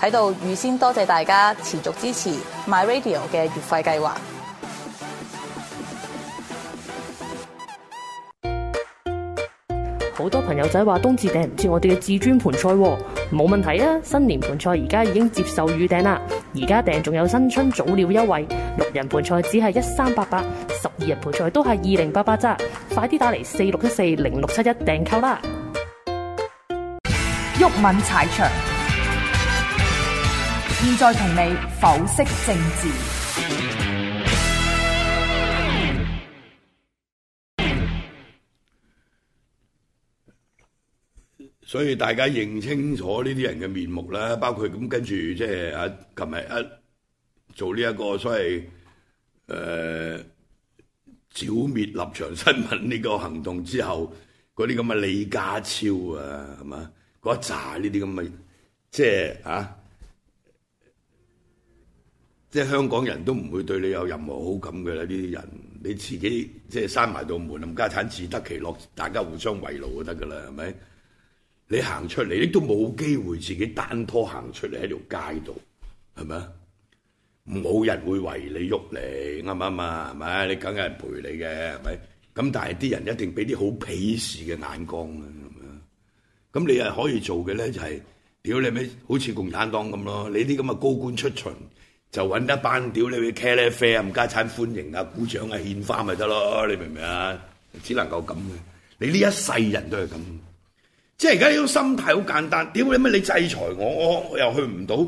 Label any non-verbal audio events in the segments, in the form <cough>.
喺度預先多謝大家持續支持 My Radio 嘅月費計劃。好多朋友仔話冬至訂唔住我哋嘅至尊盤菜，冇問題啊！新年盤菜而家已經接受預訂啦，而家訂仲有新春早鳥優惠，六人盤菜只係一三八八，十二人盤菜都係二零八八咋。快啲打嚟四六一四零六七一訂購啦！毓民踩場。現在同你剖析政治，所以大家認清楚呢啲人嘅面目啦。包括咁跟住，即係啊，琴日啊，做呢一個所謂誒、呃、剿滅立場新聞呢個行動之後，嗰啲咁嘅李家超啊，係嘛嗰扎呢啲咁嘅，即係啊。即係香港人都唔會對你有任何好感嘅啦，呢啲人你自己即係閂埋道門，咁家產自得其樂，大家互相圍爐就得㗎啦，係咪？你行出嚟，你都冇機會自己單拖行出嚟喺條街度，係咪啊？冇人會圍你喐你，啱唔啱啊？係咪？你梗係人陪你嘅，係咪？咁但係啲人一定俾啲好鄙視嘅眼光啊！咁樣，咁你係可以做嘅咧，就係屌你咪好似共產黨咁咯，你啲咁嘅高官出巡。就揾得班屌你嘅茄喱啡唔家餐歡迎啊，鼓掌啊獻花咪得咯，你明唔明啊？只能夠咁嘅，你呢一世人都係咁，即係而家呢種心態好簡單，屌你乜你制裁我我又去唔到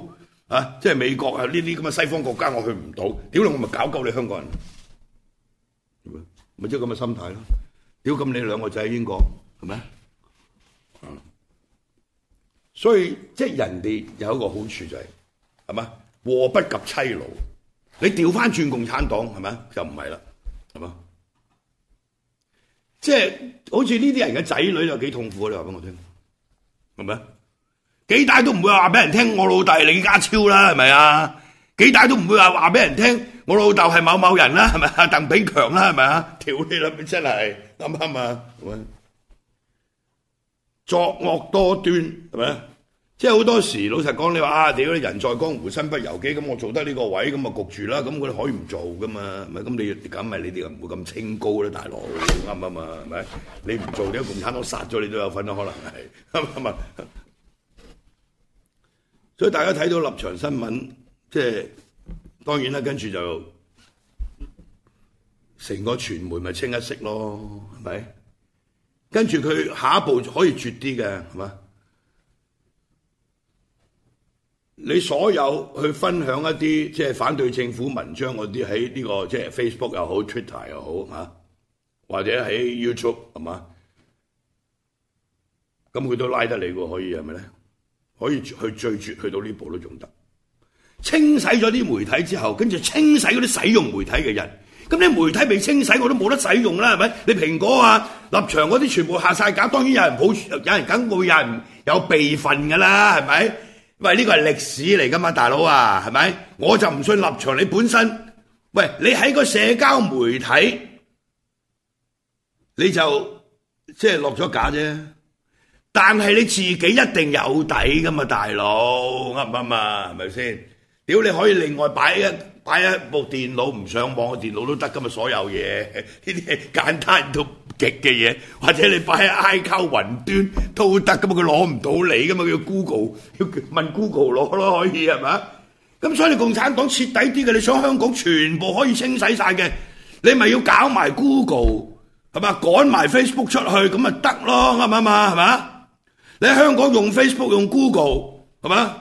啊！即係美國啊呢啲咁嘅西方國家我去唔到，屌、啊、你我咪搞夠你香港人，咪即係咁嘅心態咯。屌、啊、咁、啊、你兩個仔喺英國係咪？嗯，所以即係人哋有一個好處就係，係嘛？是禍不及妻老，你調翻轉共產黨係咪啊？就唔係啦，係嘛？即係好似呢啲人嘅仔女又幾痛苦。你話俾我聽，係咪啊？幾大都唔會話俾人聽我老豆係李家超啦，係咪啊？幾大都唔會話話俾人聽我老豆係某某人啦，係咪啊？鄧炳強啦，係咪啊？調啦咪真係啱唔啱啊？作惡多端，係咪啊？即係好多時，老實講，你話啊，屌！人在江湖，身不由己。咁我做得呢個位，咁啊焗住啦。咁佢可以唔做噶嘛？咪咁你，咁咪你哋唔會咁清高咧，啊，大佬啱啊嘛，係咪？你唔做，你阿共產黨殺咗你都有份啦，可能係啱唔啱？所以大家睇到立場新聞，即係當然啦。跟住就成個傳媒咪清一色咯，係咪？跟住佢下一步可以絕啲嘅，係嘛？你所有去分享一啲即係反對政府文章嗰啲喺呢個即係 Facebook 又好、Twitter 又好嚇，或者喺 YouTube 係嘛？咁佢都拉得你喎，可以係咪咧？可以去追蹤去到呢步都仲得。清洗咗啲媒體之後，跟住清洗嗰啲使用媒體嘅人。咁啲媒體被清洗，我都冇得使用啦，係咪？你蘋果啊、立場嗰啲全部下晒架，當然有人好有人跟，會有人有備份噶啦，係咪？喂，呢個係歷史嚟㗎嘛，大佬啊，係咪？我就唔信立場，你本身，喂，你喺個社交媒體，你就即係落咗架啫。但係你自己一定有底㗎嘛，大佬，啱唔啱啊？明唔明？屌，你可以另外擺一擺一部電腦唔上網嘅電腦都得噶嘛，所有嘢呢啲簡單到極嘅嘢，或者你擺喺 iCloud 雲端都得噶嘛，佢攞唔到你噶嘛，佢要 Google 要問 Google 攞咯，可以係咪？咁所以你共產黨徹底啲嘅，你想香港全部可以清洗晒嘅，你咪要搞埋 Google 係嘛，趕埋 Facebook 出去咁咪得咯，係咪嘛？係嘛？你喺香港用 Facebook 用 Google 係嘛？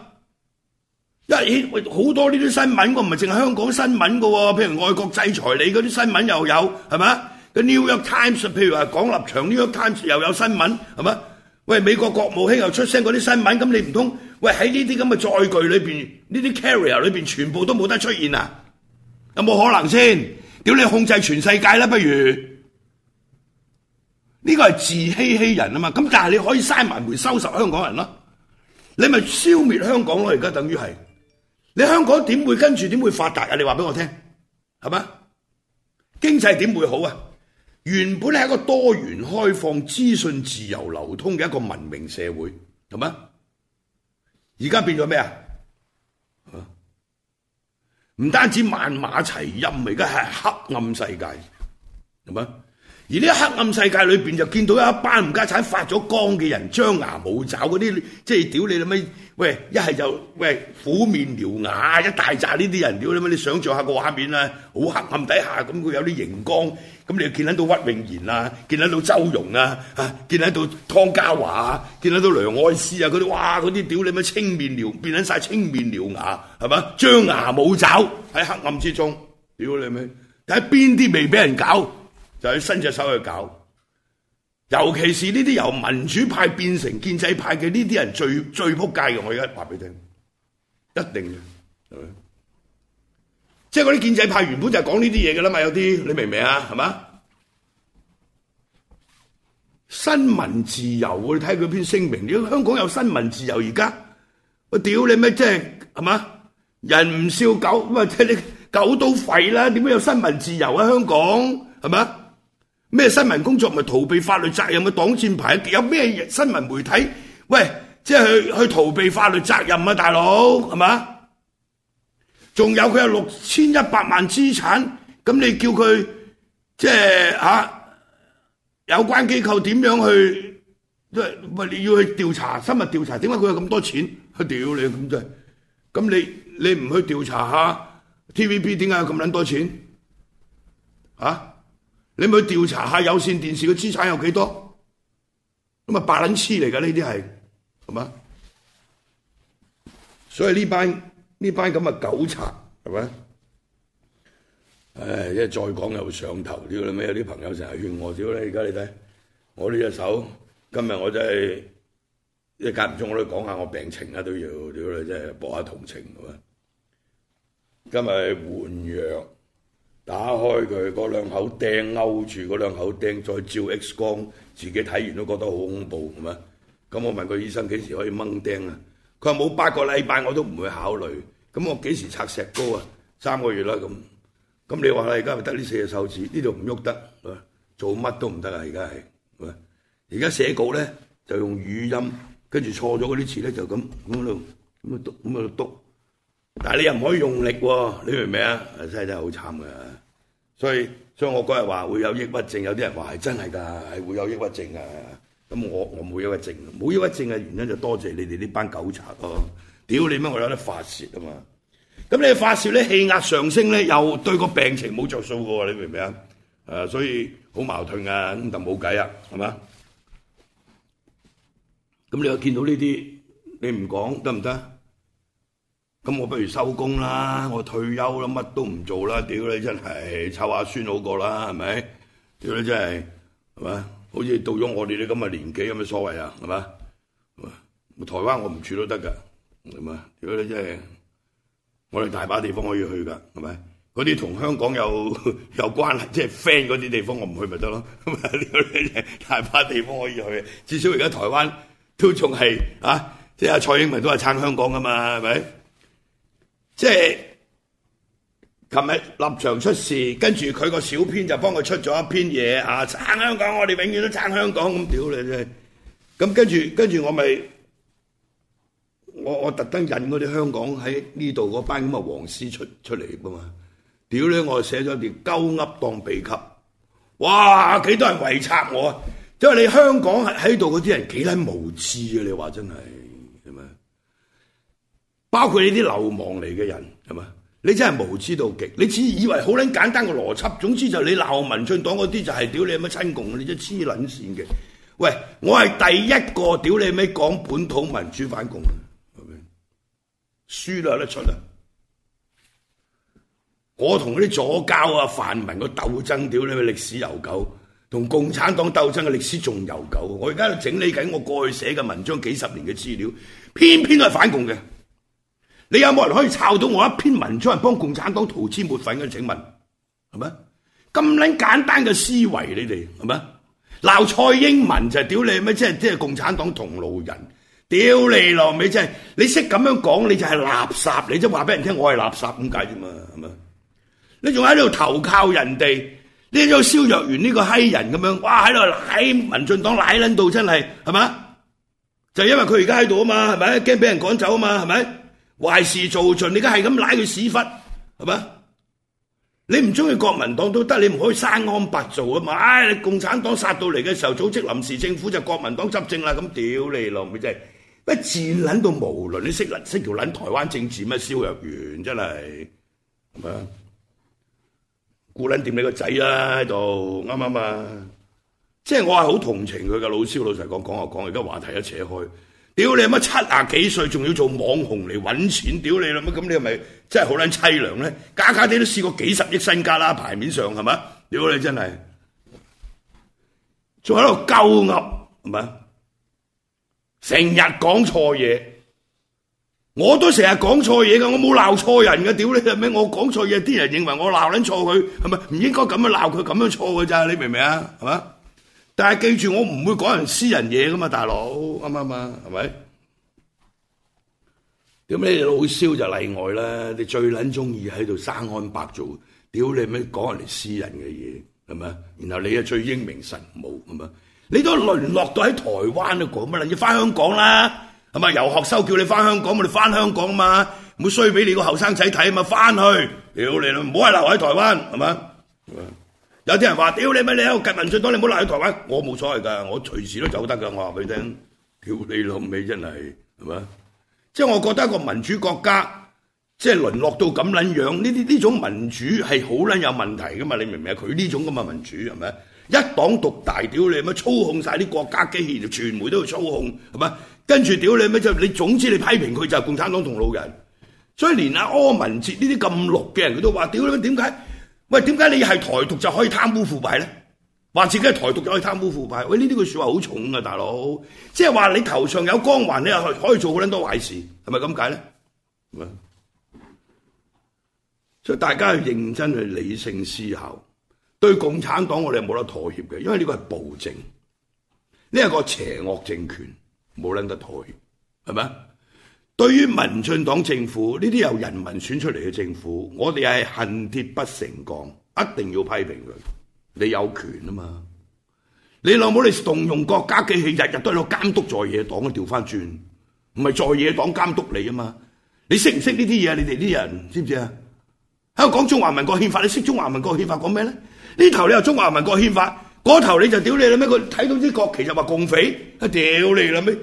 一咦喂，好多呢啲新聞，我唔係淨係香港新聞嘅喎，譬如外國制裁你嗰啲新聞又有，係嘛？個 New York Times 譬如話講立場，New York Times 又有新聞，係嘛？喂，美國國務卿又出聲嗰啲新聞，咁你唔通？喂，喺呢啲咁嘅載具裏面，呢啲 carrier 裏面全部都冇得出現啊？有冇可能先？屌你控制全世界啦，不如？呢個係自欺欺人啊嘛！咁但係你可以閂埋門收拾香港人咯，你咪消滅香港咯，而家等於係。你香港點會跟住點會發達啊？你話俾我聽，係嘛？經濟點會好啊？原本係一個多元開放、資訊自由流通嘅一個文明社會，係嘛？而家變咗咩啊？唔單止萬馬齊喑，而家係黑暗世界，係嘛？而呢黑暗世界裏邊就見到一班冚家鏟發咗光嘅人，張牙舞爪嗰啲，即係屌你老味！喂，一係就喂虎面獠牙，一大扎呢啲人，屌你咩你想象下個畫面啦，好黑暗底下咁，佢有啲熒光，咁你又見得到屈穎妍啊，見得到周融啊，嚇，見得到湯家驊啊，見得到梁愛詩啊，嗰啲哇，嗰啲屌你咩青面獠，變緊曬青面獠牙，係咪啊？張牙舞爪喺黑暗之中，屌你咩睇下邊啲未俾人搞？喺伸隻手去搞，尤其是呢啲由民主派變成建制派嘅呢啲人最最仆街嘅，我而家話俾你聽，一定嘅，即係嗰啲建制派原本就係講呢啲嘢嘅啦嘛，有啲你明唔明啊？係嘛？新聞自由，你睇佢篇聲明，你香港有新聞自由而家，我屌你咩？即係係嘛？人唔笑狗咁啊，即係你狗都吠啦，點解有新聞自由喺、啊、香港？係嘛？咩新聞工作咪逃避法律責任嘅擋箭牌？有咩新聞媒體喂，即係去去逃避法律責任啊，大佬係嘛？仲有佢有六千一百萬資產，咁你叫佢即係啊有關機構點樣去即係喂，你要去調查深入調查？點解佢有咁多錢？去屌你咁真，咁你你唔去調查下 TVB 點解有咁捻多錢？啊！你咪去調查下有線電視嘅資產有幾多？咁咪白撚黐嚟㗎呢啲係係嘛？所以呢班呢班咁嘅狗賊，係嘛？唉，一再講又上頭屌你咪！有啲朋友成日勸我屌你，而家你睇我呢隻手，今日我真係間唔中我都要講下我病情啊，都要屌你，真係博下同情。今日換藥。打開佢嗰兩口釘，勾住嗰兩口釘，再照 X 光，自己睇完都覺得好恐怖，係咪？咁我問個醫生幾時可以掹釘啊？佢話冇八個禮拜我都唔會考慮。咁我幾時拆石膏啊？三個月啦咁。咁你話啦，而家咪得呢四隻手指呢度唔喐得，做乜都唔得啊！而家係，而家寫稿咧就用語音，跟住錯咗嗰啲字咧就咁咁樣咁啊讀咁啊讀。但係你又唔可以用力喎，你明唔明啊？真係真係好慘噶，所以所以我嗰日話會有抑鬱症，有啲人話係真係噶，係會有抑鬱症啊。咁我我冇抑鬱症，冇抑鬱症嘅原因就多謝你哋呢班狗賊咯。屌你咩？我有得發泄啊嘛。咁你發泄咧，氣壓上升咧，又對個病情冇着數噶喎，你明唔明啊？誒，所以好矛盾噶，咁就冇計啦，係嘛？咁你又見到呢啲，你唔講得唔得？咁我不如收工啦，我退休啦，乜都唔做啦，屌你真係湊下孫好過啦，係咪？屌你真係，係嘛？好似到咗我哋啲咁嘅年紀咁嘅所謂啊？係嘛？台灣我唔住都得㗎，係嘛？屌你真係，我哋大把地方可以去㗎，係咪？嗰啲同香港有有關係，即係 friend 嗰啲地方我唔去咪得咯？咁啊，屌你大把地方可以去，至少而家台灣都仲係啊！即係蔡英文都係撐香港㗎嘛，係咪？即係琴日立場出事，跟住佢個小編就幫佢出咗一篇嘢啊！撐香港，我哋永遠都撐香港咁屌你啫！咁跟住跟住我咪我我特登引嗰啲香港喺呢度嗰班咁嘅黃絲出出嚟㗎嘛！屌你，我寫咗條鳩噏當秘笈。哇！幾多人圍插我啊！即係你香港喺度嗰啲人幾撚無知啊！你話真係。包括呢啲流氓嚟嘅人係嘛？你真係無知到極，你只以為好捻簡單嘅邏輯。總之就你鬧民進黨嗰啲就係屌你乜親共，你就黐捻綫嘅。喂，我係第一個屌你咩講本土民主反共嘅，輸都有得出啦。我同嗰啲左膠啊、泛民個鬥爭，屌你咩歷史悠久，同共產黨鬥爭嘅歷史仲悠久。我而家喺度整理緊我過去寫嘅文章，幾十年嘅資料，偏偏都係反共嘅。你有冇人可以抄到我一篇文章，幫共產黨塗脂抹粉嘅？請問係咪咁捻簡單嘅思維？你哋係咪鬧蔡英文就屌你咩？即係即係共產黨同路人，屌你囉！即係你識咁樣講，你就係垃圾。你即係話俾人聽我係垃圾咁解啫嘛？係咪？你仲喺度投靠人哋，呢個蕭若元呢個閪人咁樣，哇喺度賴民進黨賴捻到真係，係咪？就因為佢而家喺度啊嘛，係咪？驚俾人趕走啊嘛，係咪？壞事做盡，你而家係咁拉佢屎忽，係咪？你唔中意國民黨都得，你唔可以生安白做啊嘛！唉、哎，你共產黨殺到嚟嘅時候，組織臨時政府就國民黨執政啦，咁屌你老味真係，乜字捻到無論，你識捻識條捻台灣政治咩蕭若元真係，係咪啊？顧捻掂你個仔啊喺度，啱唔啱啊？即、就、係、是、我係好同情佢嘅老蕭老實講講下講，而家話題一扯開。屌你有七十幾歲仲要做網紅嚟搵錢？屌你啦咩？咁你係咪真係好卵淒涼咧？家家啲都試過幾十億身家啦，牌面上係嘛？屌你真係，仲喺度鳩鴨，係嘛？成日講錯嘢，我都成日講錯嘢噶，我冇鬧錯人噶。屌你，係咪我講錯嘢？啲人認為我鬧卵錯佢，係咪唔應該咁樣鬧佢咁樣錯噶咋？你明唔明啊？係嘛？但係記住，我唔會講人私人嘢噶嘛，大佬啱唔啱啊？係咪？咁你老蕭就例外啦，你最撚中意喺度生安白做，屌你咩講人哋私人嘅嘢係咪？然後你又最英明神武，咁啊，你都淪落到喺台灣都講乜啦？要翻香港啦，係咪？游學修叫你翻香港，我哋翻香港嘛，唔好衰俾你個後生仔睇啊嘛，翻去，屌你啦，唔好喺留喺台灣，係咪？有啲人話：屌你咪你喺度跟民進黨，你唔好賴喺台灣。我冇所謂㗎，我隨時都走得㗎。我話俾你聽，屌你老味真係係咪，即係我覺得一個民主國家，即係淪落到咁撚樣，呢啲呢種民主係好撚有問題㗎嘛？你明唔明啊？佢呢種咁嘅民主係咪？一黨獨大，屌你咪，操控晒啲國家機器，就傳媒都要操控係咪？跟住屌你咪，就你總之你批評佢就係共產黨同路人，所以連阿柯文哲呢啲咁綠嘅人佢都話：屌你咪點解？喂，點解你係台獨就可以貪污腐敗咧？話自己係台獨就可以貪污腐敗，喂呢啲句說話好重啊，大佬！即係話你頭上有光環，你又可以做好多壞事，係咪咁解咧？所以大家要認真去理性思考，對共產黨我哋冇得妥協嘅，因為呢個係暴政，呢係個邪惡政權，冇得妥協，係咪啊？對於民進黨政府呢啲由人民選出嚟嘅政府，我哋係恨鐵不成鋼，一定要批評佢。你有權啊嘛？你老母你動用國家機器，日日都喺度監督在野黨啊，調翻轉，唔係在野黨監督你啊嘛？你識唔識呢啲嘢啊？你哋啲人知唔知啊？喺度講中華民國憲法，你識中華民國憲法講咩咧？呢頭你又中華民國憲法，嗰頭你就屌你啦咩？佢睇到啲國旗就話共匪，啊屌你啦咩？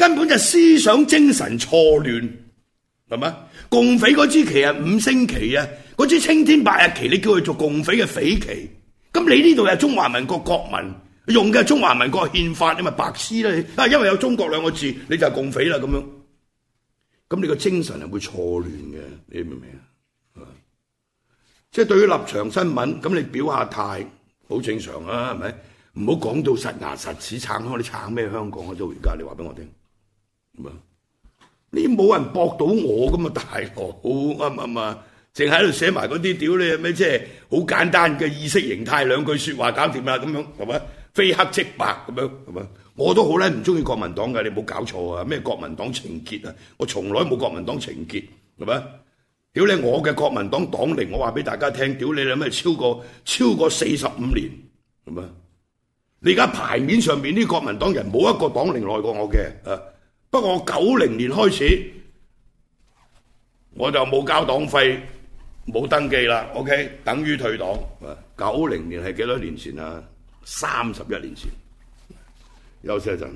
根本就思想精神錯亂係咪？共匪嗰支旗啊，五星旗啊，嗰支青天白日旗，你叫佢做共匪嘅匪旗？咁你呢度又係中華民國國民用嘅係中華民國憲法，你咪白痴啦！啊，因為有中國兩個字，你就係共匪啦咁樣，咁你個精神係會錯亂嘅，你明唔明啊？即係、就是、對於立場新聞，咁你表下態好正常啊，係咪？唔好講到實牙實齒撐我，我，你撐咩香港啊？都而家你話俾我聽。咁啊！ <music> 你冇人駁到我咁啊，大佬好啱唔啱啊？淨喺度寫埋嗰啲屌你咩即係好簡單嘅意識形態，兩句說話搞掂啦，咁樣係咪？非黑即白咁樣係咪？我都好咧，唔中意國民黨嘅，你冇搞錯啊！咩國民黨情結啊？我從來冇國民黨情結，係咪？屌你！我嘅國民黨黨齡，我話俾大家聽，屌你諗下超過超過四十五年，係咪？你而家牌面上面啲國民黨人冇一個黨齡耐過我嘅啊！不過我九零年開始我就冇交黨費，冇登記啦，OK，等於退黨。九零年係幾多年前啊？三十一年前，休息一陣。